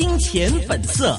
金錢本色。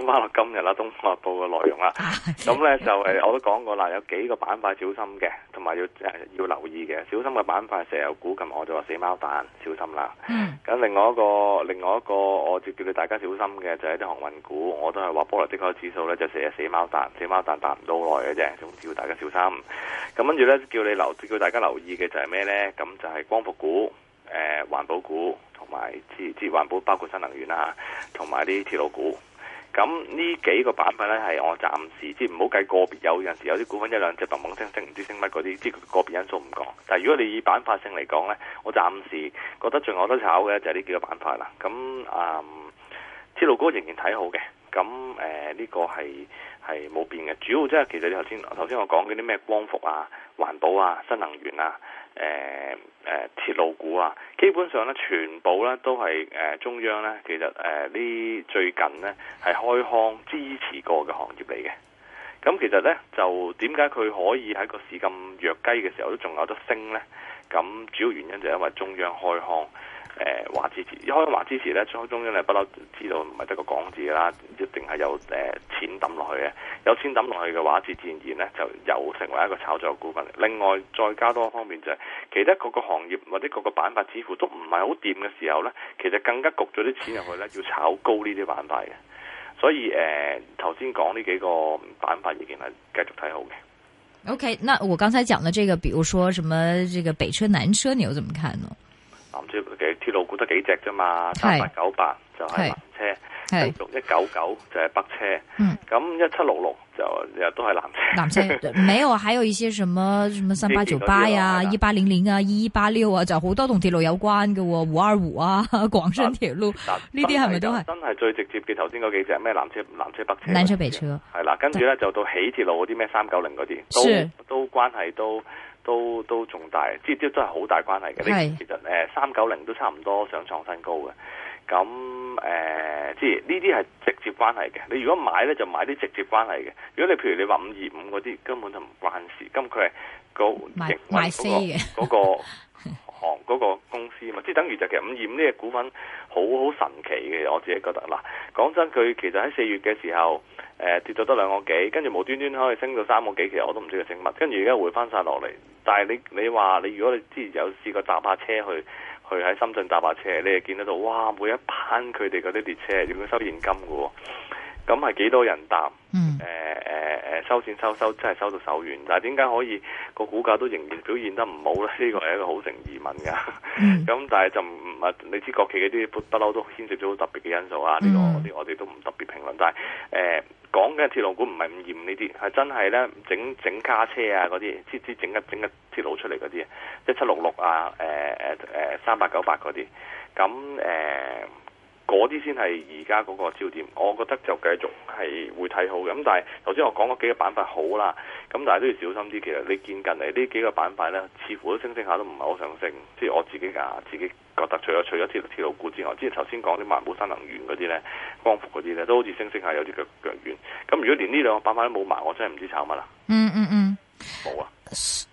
今日啦，《東方日報》嘅內容啦。咁咧 就我都講過啦，有幾個板塊小心嘅，同埋要要留意嘅。小心嘅板塊，石油股，咁我就話死貓蛋，小心啦。嗯。咁另外一個，另外一個，我就叫你大家小心嘅就係、是、啲航運股，我都係話波羅的海指數咧就是、寫「日死貓蛋，死貓蛋彈唔到耐嘅啫，仲叫大家小心。咁跟住咧，叫你留，叫大家留意嘅就係咩咧？咁就係光伏股、誒、呃、環保股同埋自自環保包括新能源啦，同埋啲鐵路股。咁呢幾個板塊呢，係我暫時即唔好計個別，有陣時有啲股份一兩隻突猛升升，唔知升乜嗰啲，即個別因素唔講。但係如果你以板塊性嚟講呢，我暫時覺得最好都炒嘅就係呢幾個板塊啦。咁啊，鐵、嗯、路股仍然睇好嘅。咁誒呢個係係冇變嘅，主要即係其實你頭先頭先我講嗰啲咩光伏啊、環保啊、新能源啊、誒誒鐵路股啊，基本上咧全部咧都係、呃、中央咧其實誒呢、呃、最近咧係開腔支持過嘅行業嚟嘅。咁其實咧就點解佢可以喺個市咁弱雞嘅時候都仲有得升咧？咁主要原因就係因為中央開腔。誒，華支持一開話支持咧，中中央咧不嬲知道唔係得個講字啦，一定係有誒、呃、錢抌落去嘅，有錢抌落去嘅話，自自然然咧就又成為一個炒作嘅股份。另外再加多方面就係、是，其他各個行業或者各個板塊似乎都唔係好掂嘅時候咧，其實更加焗咗啲錢入去咧，要炒高呢啲板塊嘅。所以誒，頭先講呢幾個板塊已經係繼續睇好嘅。O、okay, K，那我剛才講的這個，比如說什麼這個北車南車，你又怎麼看呢？南車嘅鐵路股得幾隻啫嘛？三八九八就係南車，六一九九就係是北車。嗯，咁一七六六就都係南車。南車 沒有，還有一些什麼什麼三八九八呀，一八零零啊，一八六啊，就好多同鐵路有關嘅喎。五二五啊，廣 深鐵路。呢啲係咪都係？真係最直接嘅頭先嗰幾隻咩？南車、南車、北車。南車北車。係啦，跟住咧就到起鐵路嗰啲咩三九零嗰啲，都都關係都。都都仲大，即係都係好大關係嘅。你是其實誒三九零都差唔多上創新高嘅。咁誒，即係呢啲係直接關係嘅。你如果買咧，就買啲直接關係嘅。如果你譬如你話五二五嗰啲，根本就唔關事。咁佢係個營運嗰行嗰，哦嗰個公司嘛，即係等於就，其實五險呢隻股份好好神奇嘅，我自己覺得嗱，講真佢其實喺四月嘅時候，誒跌咗得兩個幾，跟住無端端可以升到三個幾，其實我都唔知佢升乜，跟住而家回翻晒落嚟。但係你你話你如果你之前有試過搭下車去，去喺深圳搭下車，你係見得到哇，每一班佢哋嗰啲列車要收現金嘅喎，哦，咁係幾多人搭？嗯，誒收錢收收真係收，收到手軟，但係點解可以個股價都仍然表現得唔好咧？呢、呢個係一個好成疑問噶。咁、mm. 嗯、但係就唔、唔係，你知國企嗰啲不嬲都牽涉咗好特別嘅因素啊。呢、呢個我哋都唔特別評論。但係誒，講、呃、緊鐵路股唔係唔嚴呢啲，係真係咧整整卡車啊嗰啲，即整，整一整一，整一鐵路出嚟嗰啲，即係一七六六啊，誒誒誒三八九八嗰啲，咁誒。呃嗰啲先係而家嗰個焦點，我覺得就繼續係會睇好嘅。咁但係頭先我講嗰幾個板塊好啦，咁但係都要小心啲。其實你見近嚟呢幾個板塊咧，似乎都升升下都唔係好上升。即係我自己啊，自己覺得除咗除咗鐵鐵路股之外，即係頭先講啲環保新能源嗰啲咧、光伏嗰啲咧，都好似升升下有啲腳腳軟。咁如果連呢兩個板塊都冇埋，我真係唔知炒乜啦。嗯嗯嗯，冇啊。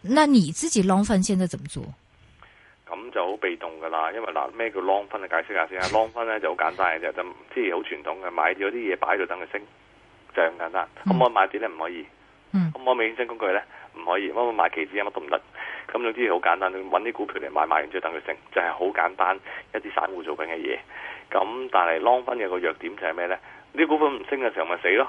那你自己 long 翻，現在怎麼做？就好被動噶啦，因為嗱咩叫 long 分啊？解釋下先啊 ，long 分咧就好簡單嘅啫，就即係好傳統嘅，買咗啲嘢擺喺度等佢升，就係咁簡單。嗯、可唔可以買啲咧？唔可以。嗯。可唔可以用衍生工具咧？唔可以。可唔可買期指啊？乜都唔得。咁總之好簡單，搵啲股票嚟買，買完之後等佢升，就係好簡單一啲散戶做緊嘅嘢。咁但係 long 分有個弱點就係咩咧？啲股份唔升嘅時候咪死咯。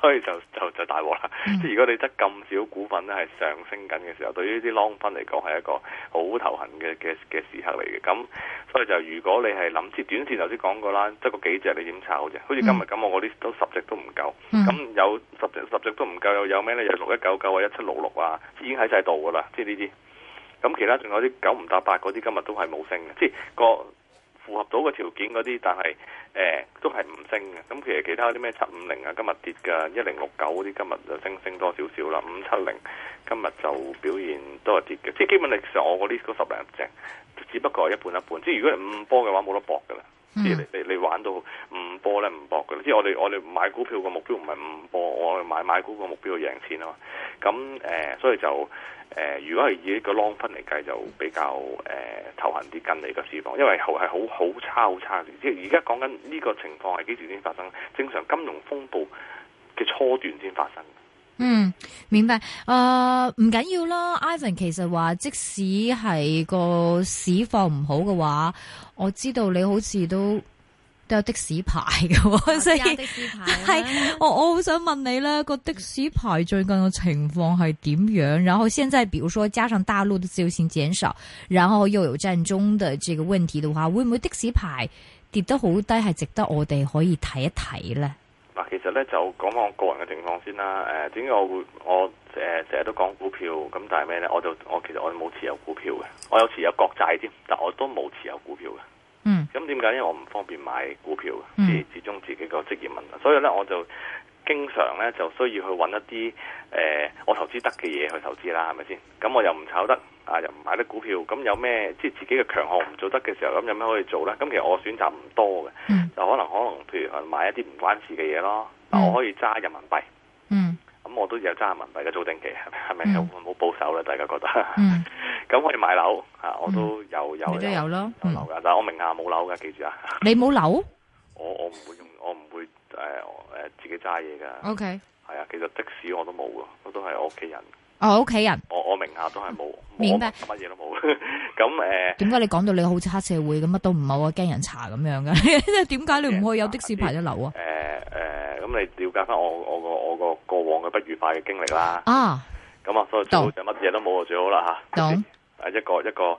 所以就就就大鑊啦！即係、嗯、如果你得咁少股份咧係上升緊嘅時候，對於啲 long 分嚟講係一個好頭痕嘅嘅嘅時刻嚟嘅。咁所以就如果你係諗住短線頭先講過啦，得個幾隻你點炒啫？好似今日咁，我嗰啲都十隻都唔夠。咁、嗯、有十隻十隻都唔夠，又有咩咧？有六一九九啊，一七六六啊，已經喺曬度噶啦。即係呢啲。咁其他仲有啲九唔搭八嗰啲，今日都係冇升嘅。即係個符合到個條件嗰啲，但係誒、欸、都係唔升嘅。咁其實其他啲咩七五零啊，今日跌㗎；一零六九啲今日就升升多少少啦。五七零今日就表現都係跌嘅。即係基本嚟上我個 list 嗰十零隻，只不過係一半一半。即係如果係五五波嘅話，冇得搏㗎啦。你你、嗯、你玩到唔搏，播，咧唔搏嘅，即係我哋我哋買股票個目標唔係唔搏，我買買股個目標要贏錢啊嘛。咁誒、呃，所以就誒、呃，如果係以一個浪分嚟計，就比較誒頭痕啲，近你個市況，因為好係好好差好差啲。即係而家講緊呢個情況係幾時先發生？正常金融風暴嘅初段先發生。嗯，明白。誒、呃，唔緊要啦。Ivan 其實話，即使係個市況唔好嘅話，我知道你好似都都有的士牌嘅，啊、 所以係我我好想問你咧，個的士牌最近嘅情況係點樣？然後現在，比如說加上大陸的自由行減少，然後又有佔中的這個問題的話，會唔會的士牌跌得好低，係值得我哋可以睇一睇咧？嗱，其實咧就講翻我個人嘅情況先啦。誒、呃，點解我會我誒成日都講股票？咁但係咩咧？我就我其實我冇持有股票嘅，我有持有國債添，但我都冇持有股票嘅。嗯。咁點解？因為我唔方便買股票，始終自己個職業問題。嗯、所以咧，我就經常咧就需要去揾一啲誒、呃、我投資得嘅嘢去投資啦，係咪先？咁我又唔炒得，啊又唔買得股票，咁有咩即係自己嘅強項唔做得嘅時候，咁有咩可以做咧？咁其實我選擇唔多嘅。嗯。就可能可能，譬如買一啲唔關事嘅嘢咯。嗱，我可以揸人民幣。嗯。咁我都有揸人民幣嘅做定期，係咪？係咪有冇保守咧？大家覺得？嗯。咁我哋買樓啊，我都又有有有樓噶，但係我名下冇樓噶，記住啊。你冇樓？我我唔會用，我唔會誒誒自己揸嘢噶。OK。係啊，其實的士我都冇噶，我都係我屋企人。哦，屋企人。我我名下都係冇。冇咩？乜嘢都冇。咁誒，點解 你講到你好似黑社會咁乜都唔冇啊？驚人查咁樣嘅，即點解你唔去有的士牌一樓啊？誒誒，咁你了解翻我我個我個過往嘅不愉快嘅經歷啦。啊，咁啊，所以就乜嘢都冇就最好啦吓。啊一個一個誒，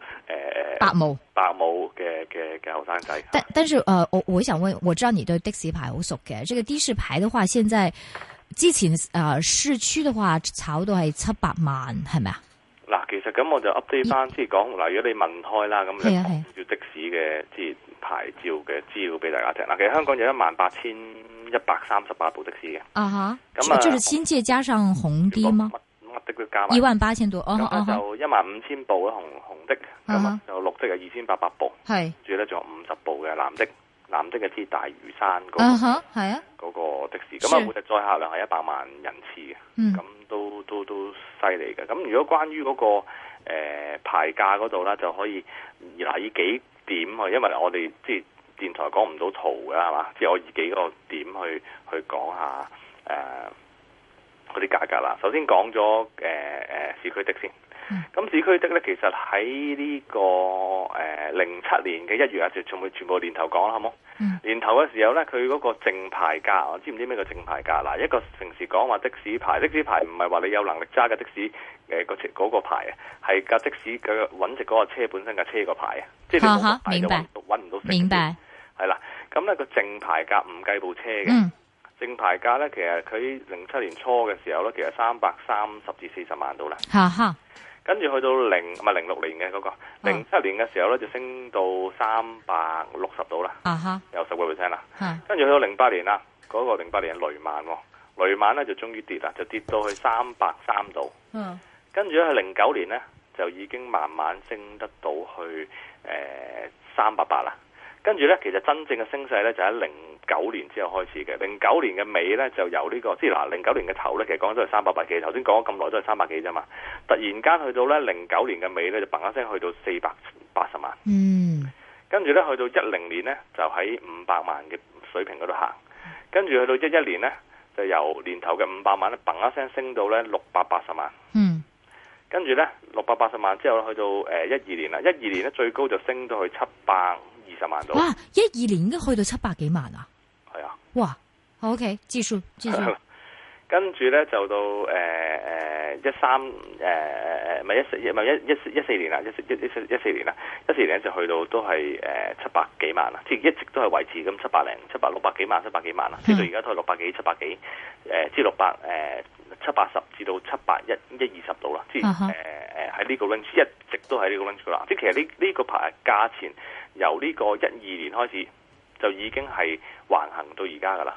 白毛白毛嘅嘅嘅後生仔。但但係誒、呃，我我想問，我知道你對的士牌好熟嘅，這個的士牌嘅話，現在之前誒、呃、市區嘅話炒到係七百萬，係咪啊？嗱，其實咁我就 update 翻，即係講，嗱，如果你問開啦，咁要的士嘅即係牌照嘅資料俾大家聽。嗱，其實香港有一萬八千一百三十八部的士嘅。啊哈。咁啊。就就是新界加上紅的嗎？乜乜的都加。一萬八千多。哦，啊就一萬五千部啊紅紅的，咁啊就綠色啊二千八百部。係。住咧仲有五十部嘅藍的，藍的嘅即係大嶼山嗰。啊哈。係啊。嗰個的士，咁啊每日載客量係一百萬人次嘅。咁。嘅咁，如果關於嗰、那個牌、呃、牌價嗰度咧，就可以嗱，以幾點啊？因為我哋即係電台講唔到圖嘅係嘛，即係我以幾個點去去講下誒嗰啲價格啦。首先講咗誒誒市區的士。咁、嗯嗯、市區的咧，其實喺呢、這個誒零七年嘅一月啊，就仲未全部年頭講啦，好冇？嗯、年頭嘅時候咧，佢嗰個正牌價，我知唔知咩叫正牌價？嗱，一個平時講話的士牌，的士牌唔係話你有能力揸嘅的，的士誒個嗰個牌啊，係架的士佢穩值嗰個車本身架車個牌啊，呵呵即係好好明到明白，係白啦。咁、嗯、咧、那個正牌價唔計部車嘅，正、嗯、牌價咧，其實佢零七年初嘅時候咧，其實三百三十至四十萬度啦。哈。跟住去到零唔係零六年嘅嗰、那個，零七年嘅時候咧就升到三百六十度啦，uh huh. 有十個 percent 啦。跟住、uh huh. 去到零八年啦，嗰、那個零八年係雷曼、哦，雷曼咧就終於跌啦，就跌到去三百三度。嗯、uh，跟住咧，零九年咧就已經慢慢升得到去誒三百八啦。呃跟住呢，其實真正嘅升勢呢，就喺零九年之後開始嘅。零九年嘅尾呢，就由呢個，即係嗱，零九年嘅頭呢，其實講咗都係三百八十幾。頭先講咗咁耐都係三百幾啫嘛。突然間去到呢，零九年嘅尾呢，就砰一聲去到四百八十萬。嗯。跟住呢，去到一零年呢，就喺五百萬嘅水平嗰度行。跟住去到一一年呢，就由年頭嘅五百萬呢，砰一聲升到呢六百八十萬。嗯。跟住呢，六百八十萬之後呢，去到誒一二年啦。一二年呢，最高就升到去七百。十萬度哇，一二年已經去到七百幾萬啊，係啊，哇，OK，指數，指數，嗯、跟住咧就到誒誒、呃呃、一三誒誒誒一一一一四年啦，一一一四年啦，一四年咧就去到都係誒、呃、七百幾萬啊，即一直都係維持咁七百零七百六百幾萬，七百幾萬啊，直到而家都係六百幾七百幾誒至六百誒七八十至到七百一一二十度啦，誒。嗯呃誒喺呢個 range 一直都喺呢個 range 噶啦，即係其實呢呢個牌價錢由呢個一二年開始就已經係橫行到而家噶啦。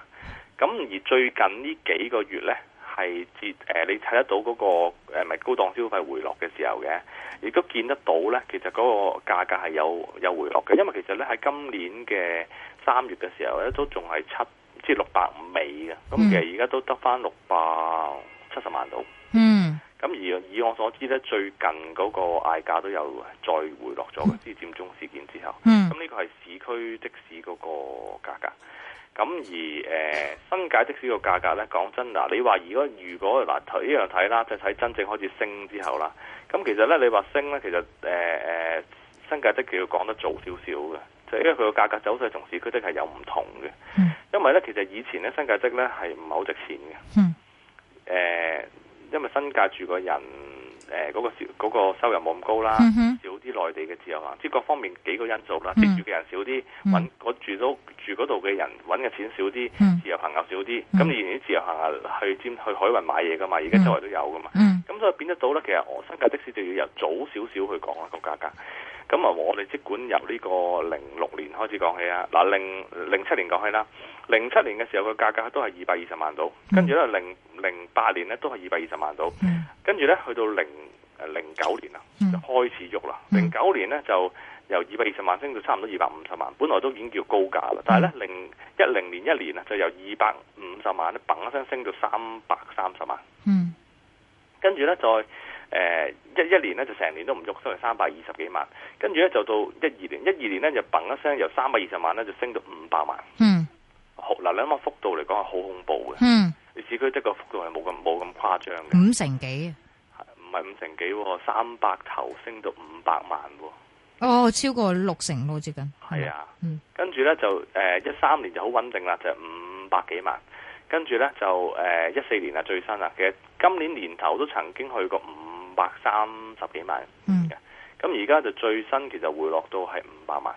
咁而最近呢幾個月咧，係、呃、你睇得到嗰個、呃、咪高檔消費回落嘅時候嘅，亦都見得到咧。其實嗰個價格係有有回落嘅，因為其實咧喺今年嘅三月嘅時候咧，都仲係七即係六百五美嘅。咁其實而家都得翻六百七十萬到。咁而以我所知咧，最近嗰個嗌價都有再回落咗嘅，之、嗯、佔中事件之後。嗯。咁呢個係市區的士嗰個價格。咁、嗯、而誒、呃、新界的士個價格咧，講真嗱，你話如果如果嗱，睇呢樣睇啦，即、就、睇、是、真正開始升之後啦。咁其實咧，你話升咧，其實誒、呃、新界的士要講得早少少嘅，就係因為佢個價格走勢同市區的係有唔同嘅。因為咧、嗯，其實以前咧，新界的咧係唔係好值錢嘅。嗯。呃因為新界住個人，誒、呃、嗰、嗰個嗰、嗰個、收入冇咁高啦，少啲內地嘅自由行，即各方面幾個因素啦，嗯、住嘅人少啲，揾住住嗰度嘅人搵嘅錢少啲，嗯、自由行遊少啲，咁、嗯、而啲自由行去尖、去海運買嘢噶嘛，而家周圍都有噶嘛，咁、嗯、所以變得到咧，其實我新界的士就要由早少少去講啦、一個價格。咁啊，我哋即管由呢個零六年開始講起啊，嗱零零七年講起啦，零七年嘅時候個價格都係二百二十萬到，跟住咧零零八年呢都係二百二十萬到，跟住呢，去到零零九年啊，就開始喐啦。零九年呢就由二百二十萬升到差唔多二百五十萬，本來都已經叫高價啦。但係呢，零一零年一年啊，就由二百五十萬呢，砰一聲升到三百三十萬，跟住呢，再。誒、呃，一一年咧就成年都唔喐，收到三百二十幾萬，跟住咧就到一二年，一二年咧就嘭一聲由三百二十萬咧就升到五百萬嗯，嗯。嗯，好嗱，兩個幅度嚟講係好恐怖嘅。嗯，而市區即個幅度係冇咁冇咁誇張嘅。五成幾？唔係五成幾，三百頭升到五百萬喎。哦，超過六成咯，接近。係啊，跟住咧就誒一三年就好穩定啦，就五百幾萬，跟住咧就誒一四年啊最新啊，其實今年年頭都曾經去過五。百三十幾萬嘅，咁而家就最新其實回落到係五百萬，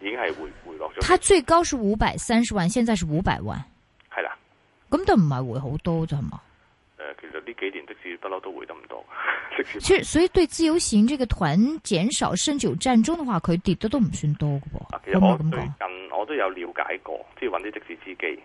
已經係回回落咗。佢最高是五百三十萬，現在是五百萬，係啦的，咁都唔係回好多啫，係嘛？誒，其實呢幾年的士不嬲都回得唔多。其實所以對自由行這個團減少甚至有戰爭嘅的話，佢跌得都唔算多嘅噃，啊。其實我咁講，我都有了解過，即係揾啲的士司機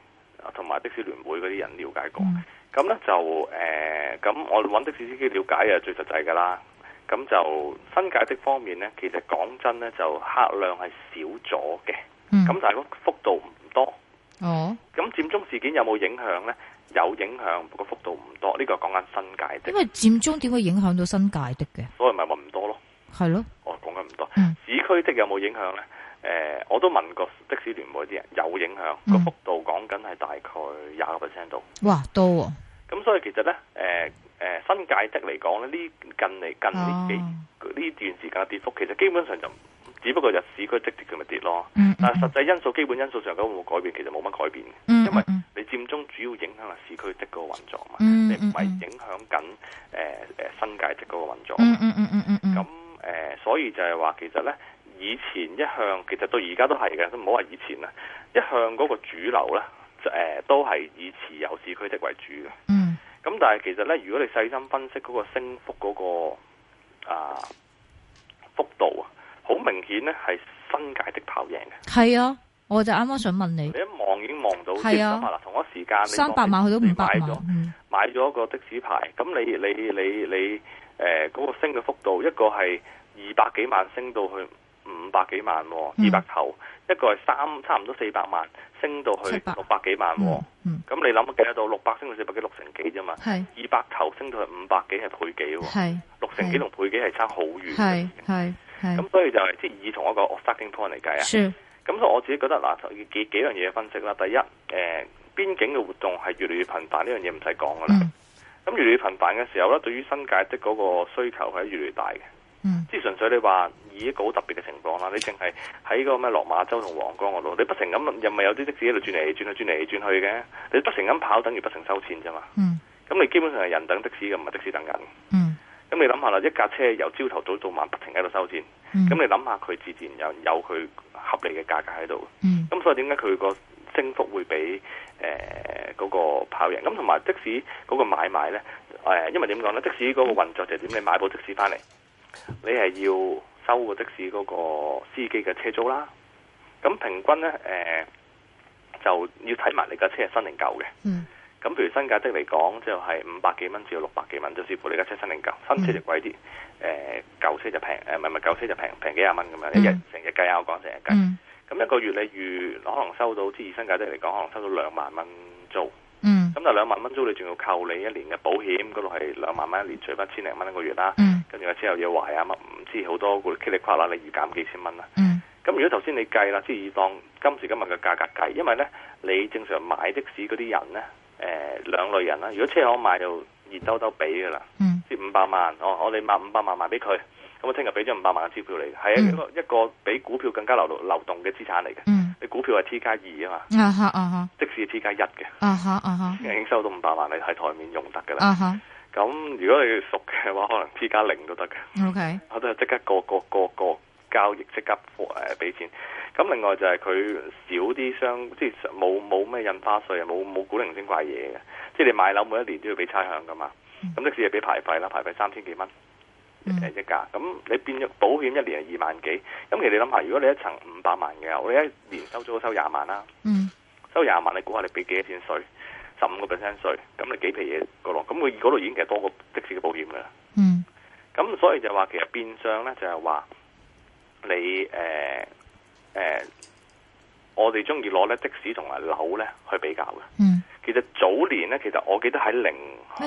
同埋的士聯會嗰啲人了解過。嗯咁咧就誒，咁、呃、我揾的士司機了解啊，最實際噶啦。咁就新界的方面咧，其實講真咧，就客量係少咗嘅。嗯。咁但係幅度唔多。哦。咁佔中事件有冇影響咧？有影響，個幅度唔多。呢、這個講緊新界的。因為佔中點會影響到新界的嘅？所以咪話唔多咯。係咯。我講緊唔多。嗯、市區的有冇影響咧？誒、呃，我都問過的士聯會啲人，有影響，個、嗯、幅度講緊係大概廿個 percent 度。哇，多喎，哦！咁、嗯、所以其實咧、呃呃，新界的嚟講咧，呢近嚟近呢幾呢段時間嘅跌幅，其實基本上就只不過就市區的咁咪跌咯。嗯、但實際因素、嗯、基本因素上都冇改變，其實冇乜改變、嗯嗯、因為你佔中主要影響係市區的個運作嘛。嗯嗯、你唔係影響緊、呃、新界值的嗰個運作。咁所以就係話其實咧。以前一向其實到而家都係嘅，都唔好話以前啦。一向嗰個主流咧，誒、呃、都係以持有市區的為主嘅。嗯。咁但係其實咧，如果你細心分析嗰個升幅嗰、嗰個啊幅度啊，好明顯咧係新界的跑贏嘅。係啊，我就啱啱想問你。你一望已經望到係啊，同一時間三百萬去到五百萬，你買咗、嗯、個的士牌。咁你你你你誒嗰、呃嗰個升嘅幅度一個係二百幾萬升到去五百幾萬、哦，二百頭，嗯、一個係三，差唔多四百萬，升到去六百幾萬、哦嗯。嗯，咁你諗啊，計到六百升到四百幾，六成幾啫嘛。係二百頭升到去五百幾係倍幾喎、哦。六是成幾同是倍幾係差好遠嘅。係係咁所以就係即係以同一個 starting point 嚟計啊。咁是所以我自己覺得嗱，要幾幾樣嘢分析啦。第一，誒、呃、邊境嘅活動係越嚟越頻繁，呢樣嘢唔使講㗎啦。咁、嗯、越嚟越頻繁嘅時候咧，對於新界的嗰個需求係越嚟越大嘅。即係、嗯、純粹你話以一個好特別嘅情況啦，你淨係喺個咩落馬洲同皇崗嗰度，你不停咁又咪有啲的士喺度轉嚟轉去，轉嚟轉去嘅，你不停咁跑，等於不停收錢啫嘛。咁、嗯、你基本上係人等的士嘅，唔係的士等人。咁、嗯、你諗下啦，一架車由朝頭早到晚不停喺度收錢，咁、嗯、你諗下佢自然有有佢合理嘅價格喺度。咁、嗯、所以點解佢個升幅會比誒嗰個跑贏？咁同埋的士嗰個買賣咧，誒、呃、因為點講咧？的士嗰個運作就係點？你買部的士翻嚟。你係要收個的士嗰個司機嘅車租啦，咁平均咧，誒、呃，就要睇埋你架車係新定舊嘅。嗯。咁譬如新價的嚟講，就係五百幾蚊至到六百幾蚊。就算，是，乎你架車新定舊，新車就貴啲，誒、嗯、舊、呃、車就平，誒、呃、唔係唔係舊車就平，平幾廿蚊咁樣。嗯、一日成日計啊，我講成日計。咁、嗯、一個月你預可能收到，即以新價的嚟講，可能收到兩萬蚊租。咁就兩萬蚊租，你仲要扣你一年嘅保險，嗰度係兩萬蚊一年，除翻千零蚊一個月啦。跟住個車有嘢壞啊，乜唔知好多，噼里啪啦，你要減幾千蚊啦。咁、嗯、如果頭先你計啦，即係當今時今日嘅價格計，因為呢，你正常買的士嗰啲人呢，兩、呃、類人啦。如果車行買就熱兜兜俾噶啦，嗯、即五百萬，哦，我哋買五百萬賣俾佢，咁我聽日俾張五百萬嘅支票你，係一個比股票更加流動流動嘅資產嚟嘅。嗯你股票係 T 加二啊嘛，uh huh, uh huh. 即使係 T 加一嘅，已經收到五百萬你喺台面用得嘅啦，咁、uh huh. 如果你熟嘅話，可能 T 加零都得嘅，OK，我都係即刻個個個個交易即刻誒俾、呃、錢，咁另外就係佢少啲商，即係冇冇咩印花稅，冇冇古靈精怪嘢嘅，即係你買樓每一年都要俾差餉噶嘛，咁、嗯、即使係俾牌費啦，牌費三千幾蚊。一價咁你變咗保險一年係二萬幾咁，其實你諗下，如果你一層五百萬嘅，我哋一年收租收廿萬啦，嗯、收廿萬你估下你俾幾多錢稅？十五個 percent 稅，咁你幾皮嘢過落咁？佢嗰度已經其實多過的士嘅保險嘅啦。嗯，咁所以就話其實變相咧就係話你誒誒、呃呃，我哋中意攞咧的士同埋樓咧去比較嘅。嗯，其實早年咧，其實我記得喺零，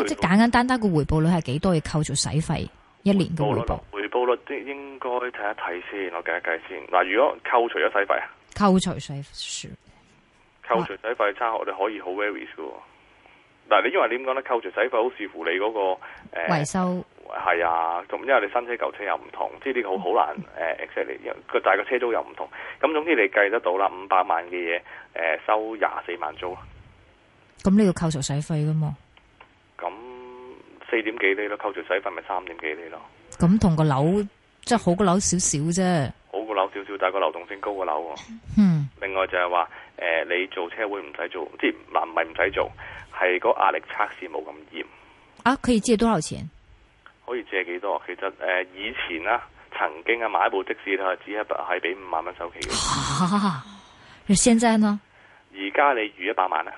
即係簡簡單單個回報率係幾多嘅扣咗使費。一年到回報回報率，回報率應該睇一睇先，我計一計先。嗱，如果扣除咗使費，使費啊，扣除使費，扣除使費差我哋可以好 various 嘅。嗱，你因為點講咧？扣除使費好視乎你嗰、那個誒、呃、維修係啊，咁因為你新車舊車又唔同，即係呢個好難誒，x 係你個但係個車租又唔同。咁總之你計得到啦，五百萬嘅嘢誒收廿四萬租咯。咁你要扣除使費噶嘛？四點幾厘咯，扣除洗費咪三點幾厘咯。咁同個樓即係好個樓少少啫，好個樓少少，但係個流動性高過樓。嗯。另外就係話，誒、呃，你做車會唔使做，即係唔係唔使做，係個壓力測試冇咁嚴。啊，可以借多少錢？可以借幾多？其實誒、呃，以前啦、啊，曾經啊，買一部的士的啊，只係係俾五萬蚊首期嘅。啊，那現在呢？而家你預一百萬啦。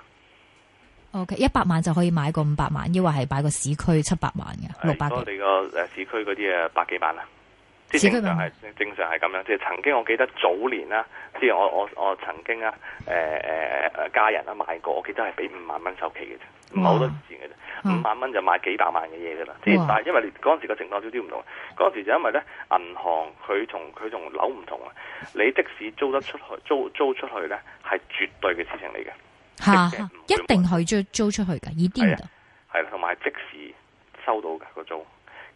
O K，一百萬就可以買個五百萬，亦或係買個市區七百萬嘅六百。我哋個誒市區嗰啲誒百幾萬啦，市區就係正常係咁樣。即係曾經我記得早年啦，即係我我我曾經啊誒誒誒家人啊買過，我記得係俾五萬蚊首期嘅啫，唔係好多錢嘅啫，五哇萬蚊就買幾百萬嘅嘢噶啦。即係、嗯、但係因為嗰時個情況少少唔同，嗰哇時就因為咧銀行佢同佢同樓唔同啊，你的士租得出去租租出去咧係絕對嘅事情嚟嘅。吓、啊，一定去租租出去嘅，而啲度係啦，同埋、啊啊、即時收到嘅個租。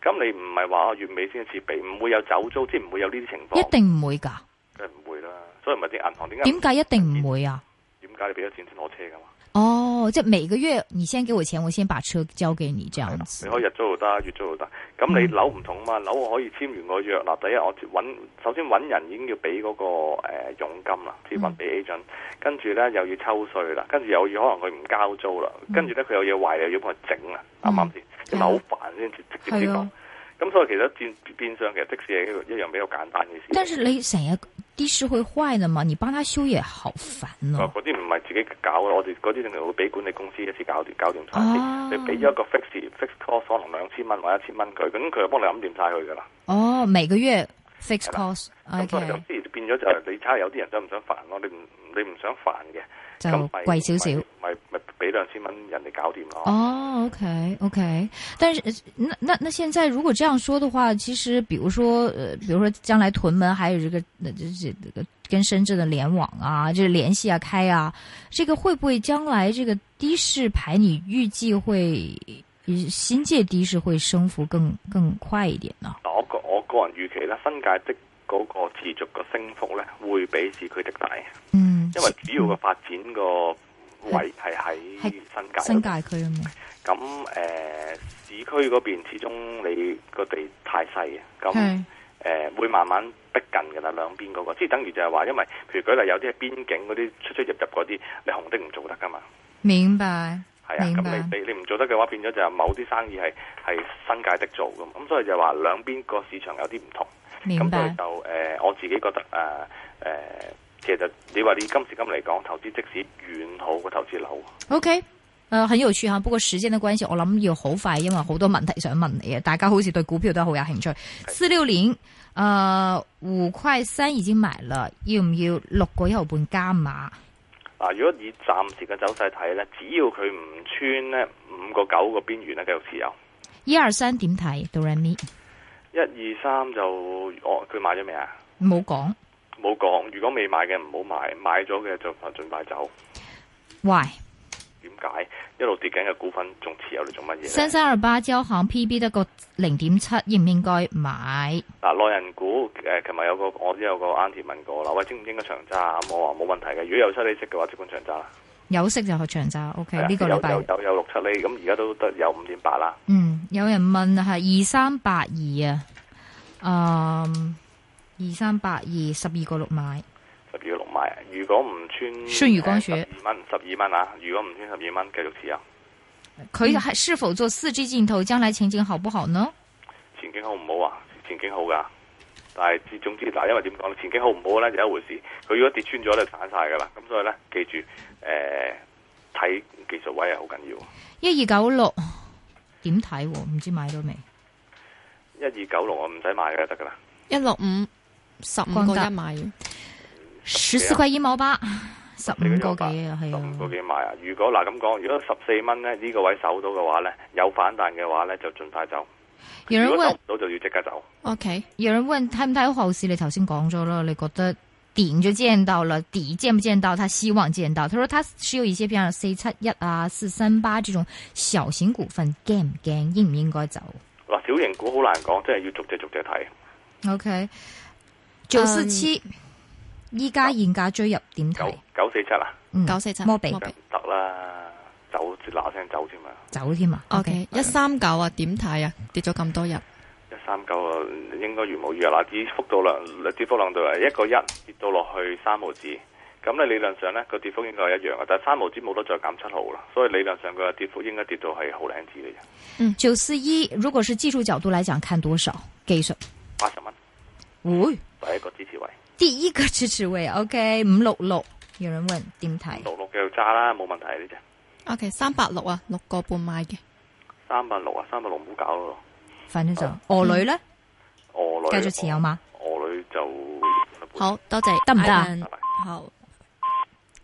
咁你唔係話月尾先至俾，唔會有走租，即係唔會有呢啲情況。一定唔會噶，梗係唔會啦。所以咪啲銀行點解？點解一定唔會啊？點解你俾咗錢先攞車噶嘛？哦，即係每個月你先給我錢，我先把車交給你，這樣子。你可以日租就得，月租就得。咁你樓唔同嘛，樓我、嗯、可以簽完個約。嗱，第一我搵，首先搵人已經要俾嗰、那個誒佣、呃、金啦，支付俾 agent，跟住咧又要抽稅啦，跟住又、嗯、又要可能佢唔交租啦，跟住咧佢有嘢壞又要幫佢整啊，啱啱先？咁咪好煩先直接講。咁吧所以其實變變相其實的士係一樣比較簡單嘅事。但是你成日。的士會壞嘅嘛？你幫佢修嘢好煩咯、哦。嗰啲唔係自己搞咯，我哋嗰啲一定要俾管理公司一次搞掂，搞掂晒、啊、你俾一個 fix、哦、fix cost 可能兩千蚊或一千蚊佢，咁佢就幫你諗掂晒佢噶啦。哦，每個月 fix cost，即係的 okay 變咗就你差有啲人都唔想煩咯，你唔你唔想煩嘅就貴少少。俾兩千蚊人哋搞掂咯。哦，OK，OK，但是，那、那、那，現在如果這樣說的話，其實，比如說，呃，比如說，將來屯門還有這個，那這個、這個、這個、跟深圳的聯網啊，就是聯繫啊，開啊，這個會不會將來這個的士牌，你預計會新界的士會升幅更更快一點呢、啊？我個我個人預期呢，新界的嗰個持續嘅升幅呢會比市區的大。嗯。因為主要嘅發展個、嗯。位係喺新界，新界區啊嘛。咁誒、呃、市區嗰邊，始終你個地太細啊。咁誒是、呃、會慢慢逼近㗎啦，兩邊嗰、那個即係等於就係話，因為譬如舉例有啲係邊境嗰啲出出入入嗰啲，你紅的唔做得㗎嘛。明白。係啊，咁白你你你唔做得嘅話，變咗就係某啲生意係係新界的做㗎嘛。咁所以就話兩邊個市場有啲唔同。咁所以就誒、呃，我自己覺得啊誒。呃呃其實你話你今時今日嚟講，投資的士遠好過投資樓。O K，誒，很有趣吓，不過時間的關係，我諗要好快，因為好多問題想問你啊。大家好似對股票都好有興趣。是四六年誒，胡、呃、虧三已經買啦，要唔要六個一號半加碼？啊，如果以暫時嘅走勢睇咧，只要佢唔穿咧五個九個邊緣咧，繼續持有。一二三點睇？Doremi？一二三就我佢買咗未啊？冇講。冇講，如果未買嘅唔好買，買咗嘅就儘快走。喂，Why？點解一路跌緊嘅股份仲持有嚟做乜嘢？新新二八週行 P/B 得個零點七，應唔應該買？嗱， 內人股誒，琴日有個我都有個 Auntie 問過啦，喂，應唔應該長揸？咁我話冇問題嘅，如果有七厘息嘅話，即管長揸啦。有息就去長揸，OK 的。呢個禮拜有有有六七厘，咁而家都得有五點八啦。嗯，有人問係二三八二啊，82，嗯。二三百二十二個六買，十二個六買。如果唔穿，十二蚊，十二蚊啊！如果唔穿光十二蚊，繼續持有。佢以、嗯，是否做四 G 鏡頭？將來前景好不好呢？前景好唔好啊？前景好噶，但係之總之，嗱，因為點講咧？前景好唔好咧，就一回事。佢如果跌穿咗，就散晒噶啦。咁所以咧，記住，誒、呃，睇技術位係好緊要。一二九六點睇？唔知道買到未？一二九六我唔使買嘅就得噶啦。一六五。十五個一買，蝕鬼毛八，十四個幾啊？係十五個幾買啊？如果嗱咁講，如果十四蚊咧，呢個位守到嘅話咧，有反彈嘅話咧，就盡快走。有人問，如果落唔到就要即刻走。O K，楊文睇唔睇到後市？你頭先講咗咯，你覺得頂就見到了，底見唔見到？他希望見到。佢話他需要一些、啊，譬如四七一啊，四三八這種小型股份驚唔驚？應唔應該走？嗱，小型股好難講，真係要逐隻逐隻睇。O K。九四七，依家現價追入點睇？九四七啊，九四七，摸鼻得啦，走嗱嗱聲走添嘛，走添嘛。O K，一三九啊，點睇啊？跌咗咁多日，一三九應該如無意外啲幅度量，跌幅量度係一個一跌到落去三毫子，咁咧理論上咧個跌幅應該係一樣嘅，但係三毫子冇得再減七毫啦，所以理論上嘅跌幅應該跌到係好靚字嚟嘅。嗯，九四一，如果是技術角度嚟講，看多少？技術八十蚊。會第，第一個支持位，第一個支持位，OK，五六六，楊俊文點睇？六六繼續揸啦，冇問題呢隻。OK，三百六啊，六個半買嘅。三百六啊，三百六唔好搞咯。反正就鵝女咧，鵝、嗯、女繼續持有嘛。鵝女就一一好多謝，得唔得？好。